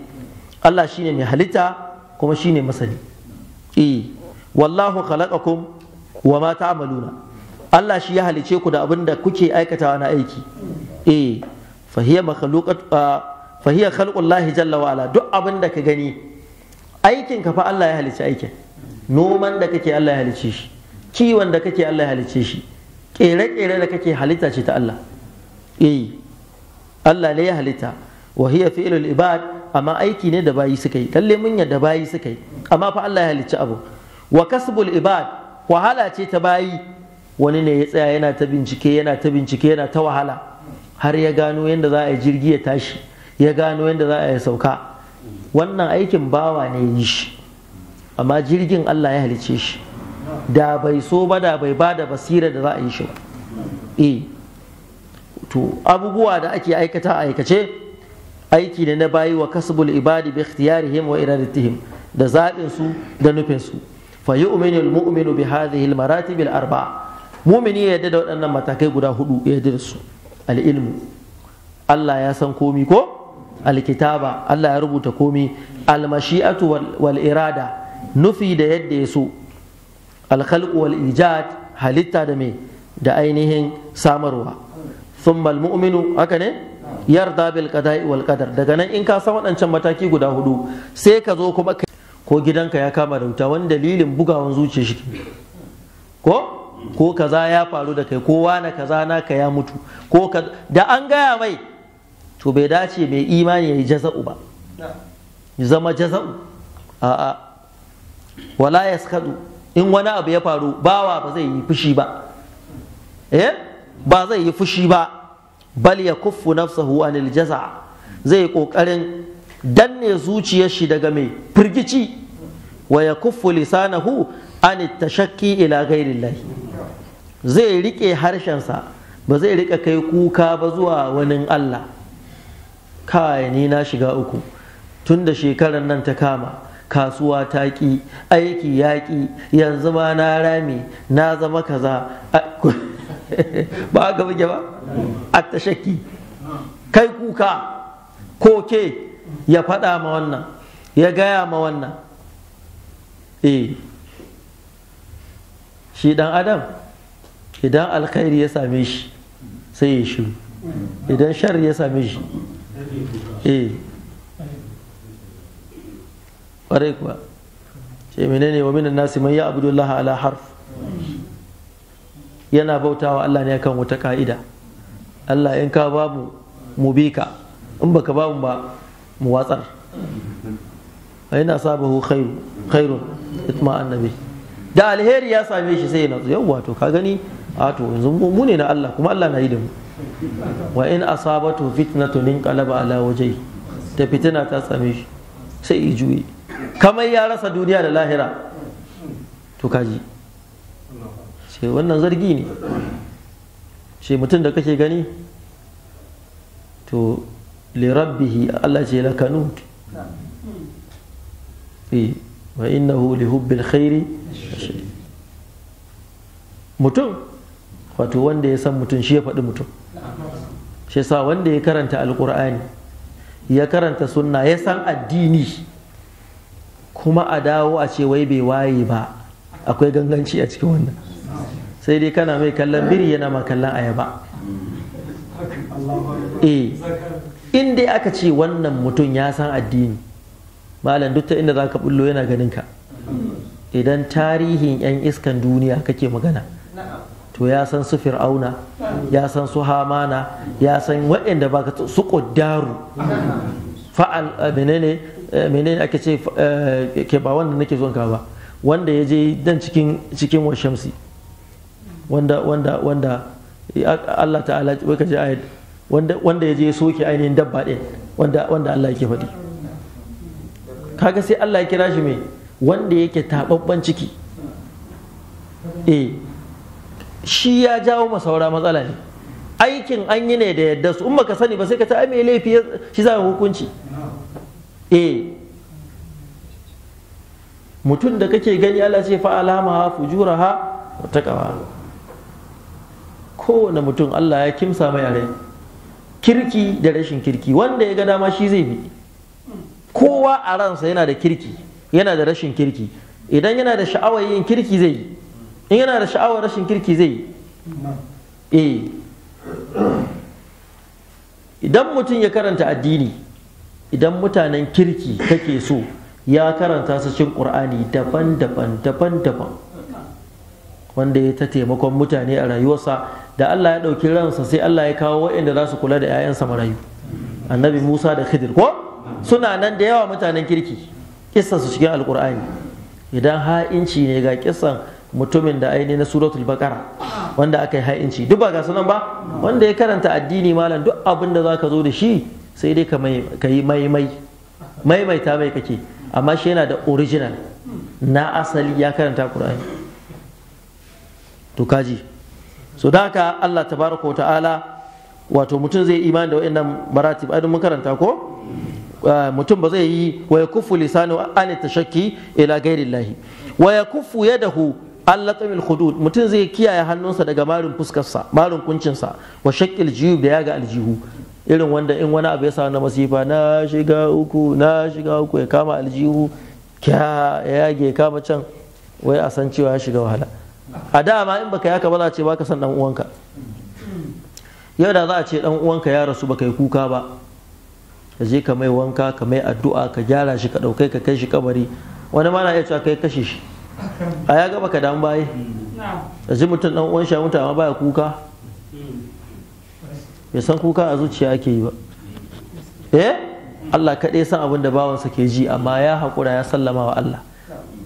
Allah shine mai halitta kuma shine masani eh wallahu khalaqakum wa ma ta'maluna Allah shi ya halice ku da abin da kuke aikatawa na aiki eh fahiya makhluqat ah, fahiya hiya lahi jalla wa ala duk abin da ka gani aikin ka fa Allah ya halicci aikin noman da kake Allah ya halicce shi kiwon da kake Allah ya halicce shi kere-kere da kake halitta ce ta Allah eh Allah ne ya halitta wa hiya fi'lul ibad amma aiki ne da bayi suka yi lalle mun yadda bayi suka yi amma fa Allah ya halicci abu wa kasbul ibad wahala ce ta bayi wani ne ya tsaya yana ta bincike yana ta bincike yana ta wahala har ya gano yadda za a yi jirgi ya tashi ya gano yadda za a yi sauka wannan aikin bawa ne yi shi amma jirgin Allah ya halice shi da bai so ba da bai ba da basira da za a yi shi ba e to abubuwa da ake aikata aikace aiki ne na bayi wa kasbul ibadi bi ikhtiyarihim wa iradatihim da zaɓin su da nufin su fa yu'minu al-mu'minu bi hadhihi al-maratib al-arba'a mu'mini ya yadda da waɗannan matakai guda hudu ya yadda al-ilmu Allah ya san komi ko alkitaba Allah ya rubuta komi almashi'atu wal irada nufi da yadda ya so alkhalqu wal ijad halitta da me da ainihin samarwa thumma almu'minu haka ne yarda bil qada'i wal qadar daga nan in ka san waɗancan mataki guda hudu sai ka zo kuma ko gidanka ya kama da wuta wani dalilin bugawan zuciya shi ko ko kaza ya faru da kai ko wani kaza naka ya mutu ko da an gaya mai to bai dace mai imani ya yi jaza'u ba ya zama jaza'u a'a wala ya in wani abu ya faru bawa ba zai yi fushi ba eh ba zai yi fushi ba bal ya kuffu nafsahu anil jaza zai kokarin danne zuciyar shi daga mai firgici wa ya kuffu lisanahu an tashakki ila ghairillah zai rike harshensa ba zai rika kai kuka ba zuwa wani Allah kai ni na shiga uku tun da shekarar nan ta kama kasuwa ta ki, aiki ya ki, yanzu ma na rami, na zama kaza *laughs* ba ga buge ba a tashaki kai kuka koke ya faɗa ma wannan ya gaya ma wannan eh shi ɗan adam idan alkhairi ya same shi sai ya shiru idan shari ya same shi eh ƙwarai kuwa ce menene wa minan nasi mai ya abdullah ala harf yana bautawa Allah ne akan wata ka'ida Allah in ka babu mu bi ka in baka babu ba mu watsar sabahu khairu itma annabi da alheri ya same shi sai na yau wato ka gani a to yanzu mu ne na Allah kuma Allah na yi da mu wa in asabatu fitnatun inqalaba ala wajhi ta fitina ta tsame shi sai i juye kamar ya rasa duniya da lahira to kaji sai wannan zargi ne shi mutum da kake gani to lirabbihi Allah ce lakanut eh wa innahu li hubbil khairi mutum wato wanda ya san mutum shi ya faɗi mutum shi sa wanda ya karanta alkur'ani ya karanta sunna ya san addini kuma a dawo a ce wai bai waye ba akwai ganganci a cikin wannan sai dai kana mai kallon biri yana ma kallon ayaba eh in dai aka ce wannan mutum ya san addini malam duk ta inda za ka bullo yana ganin ka idan tarihin 'yan iskan duniya kake magana to ya san su fir'auna ya san su hamana ya san waɗanda ba ka su ƙuddaru fa'al eh, menene eh, menene ake ce eh, ke ba wanda nake son ka ba wanda ya je dan cikin cikin wa shamsi wanda wanda wanda Allah ta'ala wai ka ji ayat wanda wanda ya je ya soke ainihin dabba din wanda wanda Allah yake faɗi kaga sai Allah ya kira shi me wanda yake tababban ciki eh shi ya jawo masaura matsala ne aikin an yi ne da yadda su umma ka sani ba sai ka ta ai mai laifi shi za hukunci eh mutum da kake gani Allah ce fa ha alamaha ha wa kawa kowane mutum Allah ya kimsa mai rai kirki da rashin kirki wanda ya ga dama shi zai bi kowa a ransa yana da kirki yana da rashin kirki idan yana da sha'awar yin kirki zai yi in yana da sha'awar rashin kirki zai eh idan mutum ya karanta addini idan mutanen kirki take so ya karanta su cin ƙur'ani daban-daban daban-daban wanda ya ta taimakon mutane a rayuwarsa da Allah ya ɗauki ransa sai Allah ya kawo waɗanda za su kula da 'ya'yansa marayu annabi Musa da Khidir ko suna nan da yawa mutanen kirki kissa su cikin alƙur'ani idan ha'inci ne ga kissan mutumin da aini na suratul bakara wanda aka yi ha'inci duk ba ga sunan ba wanda ya karanta addini malam duk abin da za ka zo da shi sai dai ka yi maimai maimaita mai kake amma shi yana da original na asali ya karanta qur'ani to kaji so da haka Allah tabaraka wa ta'ala wato mutum zai imani da wa'annan maratib ai mun karanta ko eh, mutum ba zai yi wa kufu lisanu an tashakki ila ghairi Waya wa ya dahu? allaqamil hudud mutum zai kiyaye hannunsa daga marin fuskarsa marin kuncinsa wa shakil jiyu da yaga aljihu irin wanda in wani abu ya samu na masifa na shiga uku na shiga uku ya kama aljihu ya yage kama can wai a san cewa ya shiga wahala a dama in baka yaka ba za a ce baka san dan uwanka yau da za a ce dan uwanka ya rasu baka yi kuka ba ka je ka mai wanka ka mai addu'a ka gyara shi ka daukai ka kai shi kabari wani ma na iya cewa kai kashe shi a ya gaba ka dan baye a ji mutum dan uwan shi mutu amma baya kuka hmm. bai san kuka a zuciya ake yi ba eh Allah kaɗai san abin da bawansa ke ji amma ya haƙura ya sallama wa Allah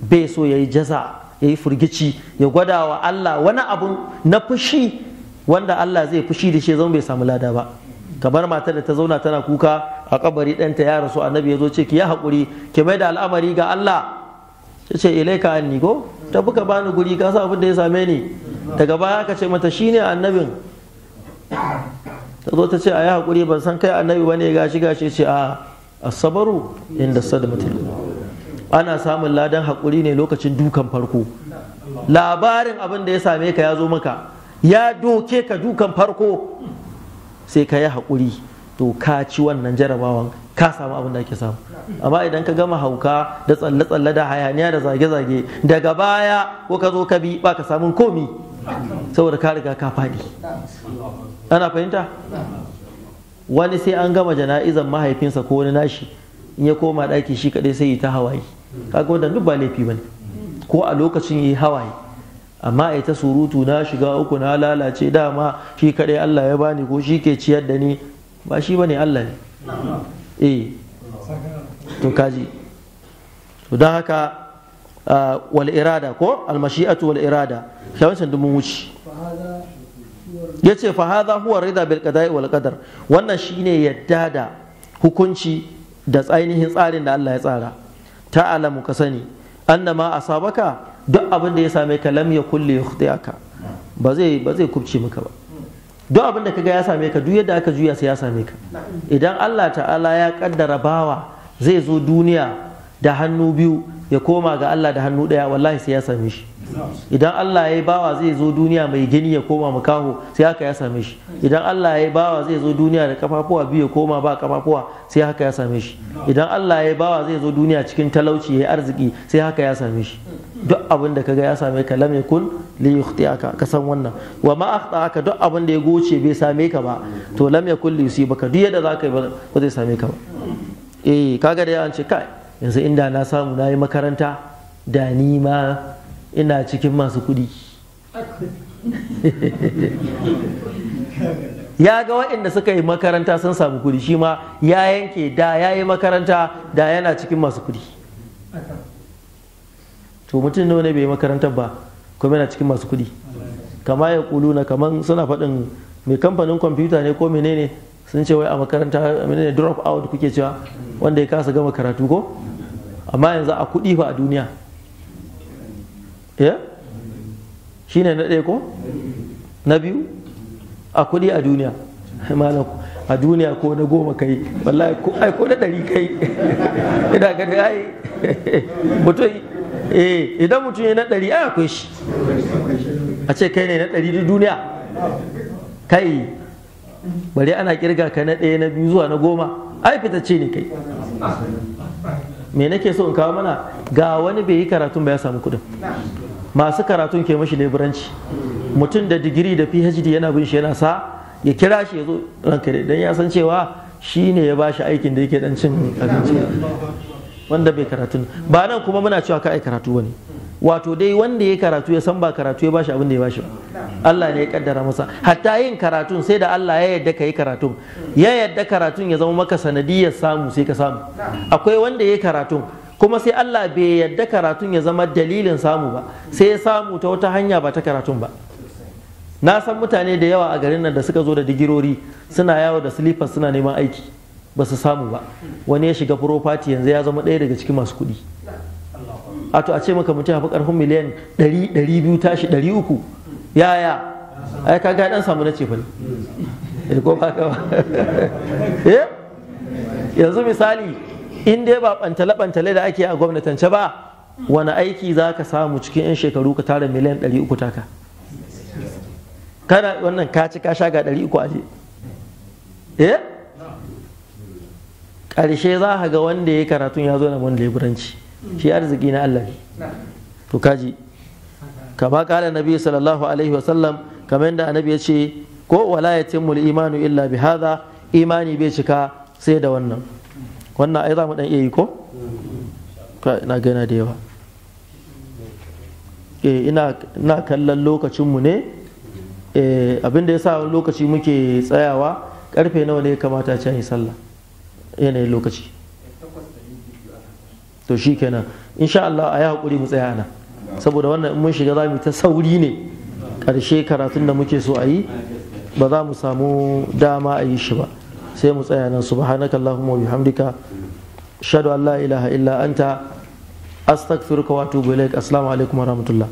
bai so ya yi jaza ya yi firgici ya gwada wa Allah wani abu na fushi wanda Allah zai fushi da shi zama bai samu lada ba kamar matar da ta zauna tana kuka a kabari ɗanta ya rasu annabi ya zo ce ki ya haƙuri ki mai da al'amari ga Allah ta ce ilaika anni ko ta buka bani guri ka sa abin da ya same ni daga baya ka ce mata shine annabin ta zo ta ce a yi haƙuri ban san kai annabi ba ne gashi gashi ce a asabaru inda sadmatul ana samun ladan hakuri ne lokacin dukan farko labarin abin da ya same ka ya zo maka ya doke ka dukan farko sai ka yi haƙuri to ka ci wannan jarabawan ka samu abin da ake samu amma idan ka gama hauka da tsalle-tsalle da hayaniya da zage-zage daga baya ko ka zo ka bi ba ka samun komi saboda ka riga ka faɗi ana fahimta wani sai an gama jana'izan mahaifinsa ko wani nashi in ya koma ɗaki shi kaɗai sai yi ta hawaye kaga wannan duk ba laifi bane ko a lokacin yi hawaye amma a ta surutu na shiga uku na lalace dama shi kaɗai Allah ya bani ko shi ke ciyar da ni ba shi bane Allah ne eh to kaji to don haka ah, wal irada ko al mashi'atu wal irada kai wancan dumun wuce yace fa hadha huwa rida bil qada'i wal qadar wannan shine yadda da hukunci da tsainihin tsarin da Allah ya tsara ta'alamu ka sani annama asabaka duk abin da ya same ka lam yakulli ya yukhti'aka ba zai ba zai kubce maka ba duk abin da kaga ya same ka duk yadda aka juya sai ya same ka idan Allah ta'ala ya kaddara bawa zai zo duniya da hannu biyu ya koma ga Allah da hannu ɗaya wallahi sai ya same shi idan Allah ya yi bawa zai zo duniya mai gini ya koma makaho sai haka ya same shi idan Allah ya yi bawa zai zo duniya da kafafuwa biyu ya koma ba kafafuwa sai haka ya same shi idan Allah ya yi bawa zai zo duniya cikin talauci ya yi arziki sai haka ya same shi duk abin da kaga ya same ka lam yakun li yukhti'aka ka san wannan wa ma akhta'aka duk abin da ya goce bai same ka ba to lam yakun li yusibaka duk yadda zaka yi ba zai same ka ba eh kaga da an ce kai yanzu inda na samu na yi makaranta da ni ma ina cikin masu kuɗi *laughs* ya ga waɗanda suka yi makaranta sun samu kudi shi ma ya yanke da ya yi makaranta da yana cikin masu kuɗi to mutum nawa ne bai yi makarantar ba kuma yana cikin masu kudi kama ya na kaman suna faɗin mai kamfanin kwamfuta ne ko menene sun ce wai a makaranta ne drop out kuke cewa wanda ya kasa gama karatu ko amma yanzu a kuɗi fa a duniya ya eh? shi ne na ɗaya ko na biyu a kuɗi a duniya a duniya ko na goma kai wallahi ko ai ko na ɗari kai *laughs* ina ga ai *laughs* mutum eh idan mutum ya na ɗari ai akwai shi a ce kai ne na ɗari duniya kai bari ana kirga ka na ɗaya na biyu zuwa na goma ai fitacce ne kai me nake so in kawo mana ga wani bai yi karatun ba ya samu kuɗin masu karatun ke mashi leburanci mutum da digiri da phd yana bin shi yana sa ya kira shi ya zo ranka da ya san cewa shi ne ya ba shi aikin da yake dan cin abinci wanda bai karatun ba nan kuma muna cewa ka ai karatu wani wato dai wanda ya karatu ya san ba karatu ya bashi abin da ya bashi ba. Allah ne ya kaddara masa hatta yin karatun sai da Allah ya yarda ka yi karatun ya yarda karatu ya zama maka sanadiyar samu sai ka samu akwai wanda ya yi karatun kuma sai Allah bai yarda karatun ya zama dalilin samu ba sai ya samu ta wata hanya ba ta karatu ba na san mutane da yawa a garin nan da suka zo da digirori suna yawo da slippers suna neman aiki ba su samu ba wani ya shiga property yanzu ya zama ɗaya daga cikin masu kuɗi a to a ce maka mutum hafi karfin miliyan 100 200 tashi 300 yaya ai kaga dan samu na cefane eh, ko ba ka ba *laughs* eh? yanzu misali in dai ba bantale bantale da ake a gwamnatance ba wani aiki za ka samu cikin 'yan shekaru ka tara miliyan 300 taka kana wannan ka ci ka sha ga 300 aje eh ƙarshe za ka ga wanda ya karatun ya zo na mun leburanci shi arziki na Allah ne to kaji kama kala nabi sallallahu alaihi wa sallam kamar yadda annabi ya ce ko wala yatimmu imanu illa bi hadha imani bai cika sai da wannan wannan ai za mu dan iya yi ko na gana da yawa eh, ina kallon mu ne eh, abinda ya sa wani lokaci muke tsayawa karfe nawa ne ya kamata a yi sallah yanayin lokaci to shi kenan insha Allah a yi haƙuri mu tsaya nan saboda wannan in mun shiga za mu ta sauri ne ƙarshe karatun da muke so a yi ba za mu samu dama a yi shi ba sai mu tsaya nan subhanaka allahumma wa bihamdika shadu an la ilaha illa anta astaghfiruka wa atubu ilaik assalamu alaikum wa rahmatullah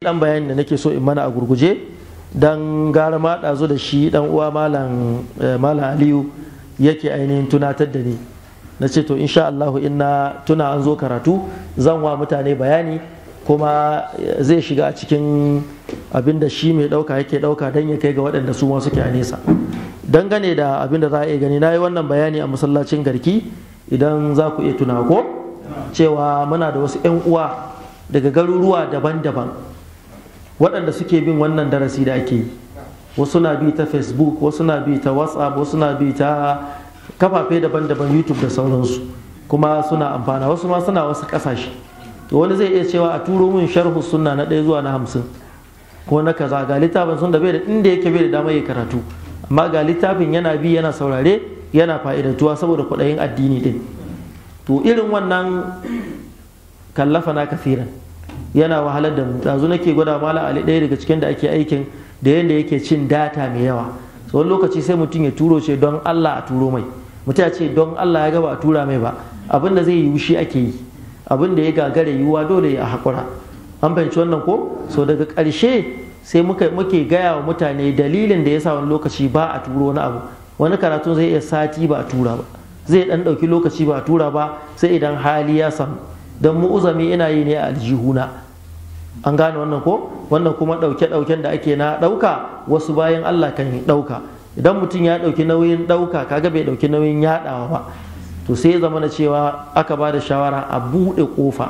dan bayanin da nake so in mana a gurguje dan gara ma da shi dan uwa eh, malam aliyu yake ainihin tunatar da ni na ce to insha Allahu inna tuna an zo karatu zan wa mutane bayani kuma zai shiga cikin abin da shi mai ɗauka yake ɗauka don ya kai ga waɗanda su ma suke a nesa dangane da abin da za a iya gani na yi wannan bayani a masallacin garki idan za ku iya tuna ko cewa muna da wasu 'yan uwa daga garuruwa daban-daban waɗanda suke bin wannan darasi da ake yi wasu na bi ta facebook wasu na bi ta whatsapp wasu na bi ta kafafe daban-daban youtube da sauransu kuma suna amfana wasu ma suna wasu kasashe to wani zai iya cewa a turo min sharhu sunna na ɗaya zuwa na hamsin ko na kaza ga littafin sun da bai da inda yake bai da damar ya karatu amma ga littafin yana bi yana saurare yana fa'idantuwa saboda kwaɗayin addini din to irin wannan kallafa na kafiran yana wahalar da mu ɗazu nake gwada mala ali ɗaya daga cikin da ake aikin da yanda yake cin data mai yawa so wani lokaci sai mutum ya turo ce don Allah a turo mai mutum ya ce don Allah ya gaba a tura mai ba abinda zai yi shi ake yi abinda da ya gagara yiwuwa dole ya haƙura an fahimci wannan ko so daga ƙarshe sai muke gaya wa mutane dalilin da ya sa wani lokaci ba a turo wani abu wani karatun zai iya sati ba a tura ba zai dan ɗauki lokaci ba a tura ba sai idan hali ya samu don mu'uzami ina yi ne a aljihuna an gane wannan ko wannan kuma ɗauke-ɗauken da ake na ɗauka wasu bayan Allah kan yi ɗauka idan mutum ya ɗauki nauyin ɗauka kaga bai ɗauki nauyin yaɗawa ba to sai zama na cewa aka ba da shawara a bude kofa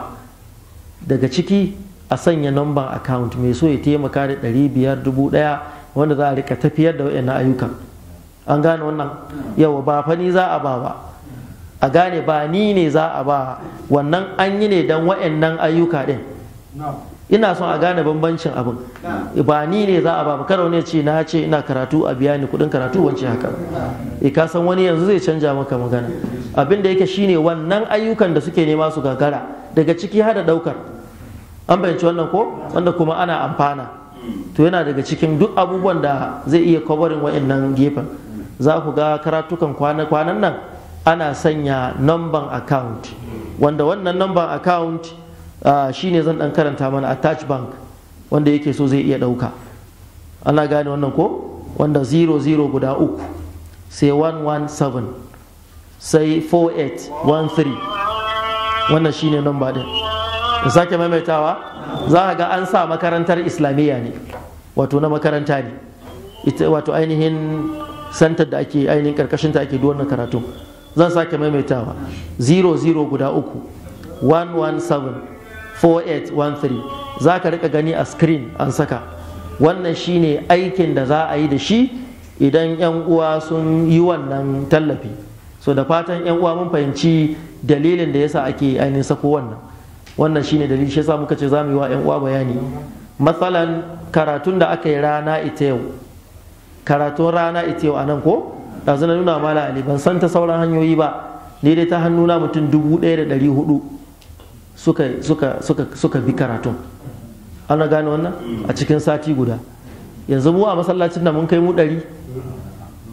daga ciki a sanya number account mai so ya taimaka da ɗari biyar dubu ɗaya wanda za a rika tafiyar da waɗannan ayyukan an gane wannan yawa ba fa ni za a ba ba a gane ba ni ne za a ba wannan an yi ne don waɗannan ayyuka ɗin ina son a gane bambancin abin ba ni ne za a ba mu karo ne ce na ce ina karatu a biya ni kudin karatu wance haka e ka san wani yanzu zai canja maka magana abin da yake shine wannan ayyukan da suke nema su gagara daga ciki hada daukar an bayanci wannan ko wanda kuma ana amfana mm. to yana daga cikin duk abubuwan da zai iya kwabarin wa'annan gefen mm. za ku ga karatukan kwanan nan ana sanya number account mm. wanda wannan number account Ah, shi ne zan dan karanta mana a touch bank wanda yake so zai iya dauka ana gane wannan ko wanda 00 guda uku sai 117 sai 4813 wannan shi ne namba din da sake maimaitawa za a ga an sa makarantar islamiyya ne wato na makaranta ne ita wato ainihin santar da ake ainihin karkashinta ake duwannan karatu zan sake maimaitawa 00 guda uku 117 4813 za ka rika gani a screen an saka wannan shine aikin da za a yi da shi idan 'yan uwa sun yi wannan tallafi so da fatan 'yan uwa mun fahimci dalilin da yasa ake ainihin sako wannan wannan shine dalili shi sa muka ce za mu yi wa 'yan uwa bayani matsalan karatun da aka yi rana ita yau karatun rana ita yau a nan ko ɗazu na nuna mala ali ban san ta sauran hanyoyi ba daidai ta hannuna mutum dubu ɗaya da ɗari hudu suka suka suka suka bi karatun ana gane wannan a cikin sati guda yanzu mu a masallacin da mun kai mu ɗari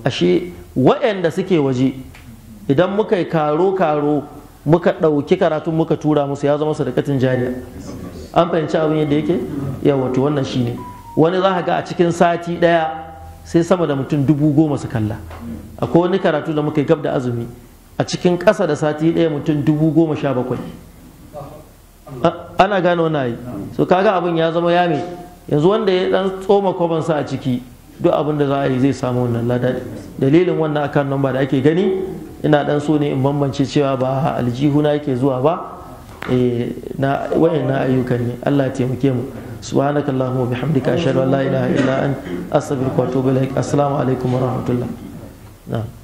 ashe waɗanda suke waje idan muka yi karo karo muka ɗauki karatun muka tura musu ya zama sadakatin jariya an fahimci abin yadda yake ya wato wannan shine wani za ka ga a cikin sati ɗaya sai sama da mutum dubu goma su kalla akwai wani karatu da muka yi gab da azumi a cikin ƙasa da sati ɗaya mutum dubu goma sha bakwai ana gane wani ayi so kaga abin ya zama ya yanzu wanda ya dan tsoma kwabansa a ciki duk abin da za a yi zai samu wannan lada dalilin wannan akan nan ba da ake gani ina dan so ne in bambance cewa ba aljihu aljihuna yake zuwa ba eh, na wayan na ayyukan ne Allah ya taimake mu سبحانك bihamdika ashhadu an la ilaha illa anta astaghfiruka wa atubu ilaik assalamu alaikum wa rahmatullah.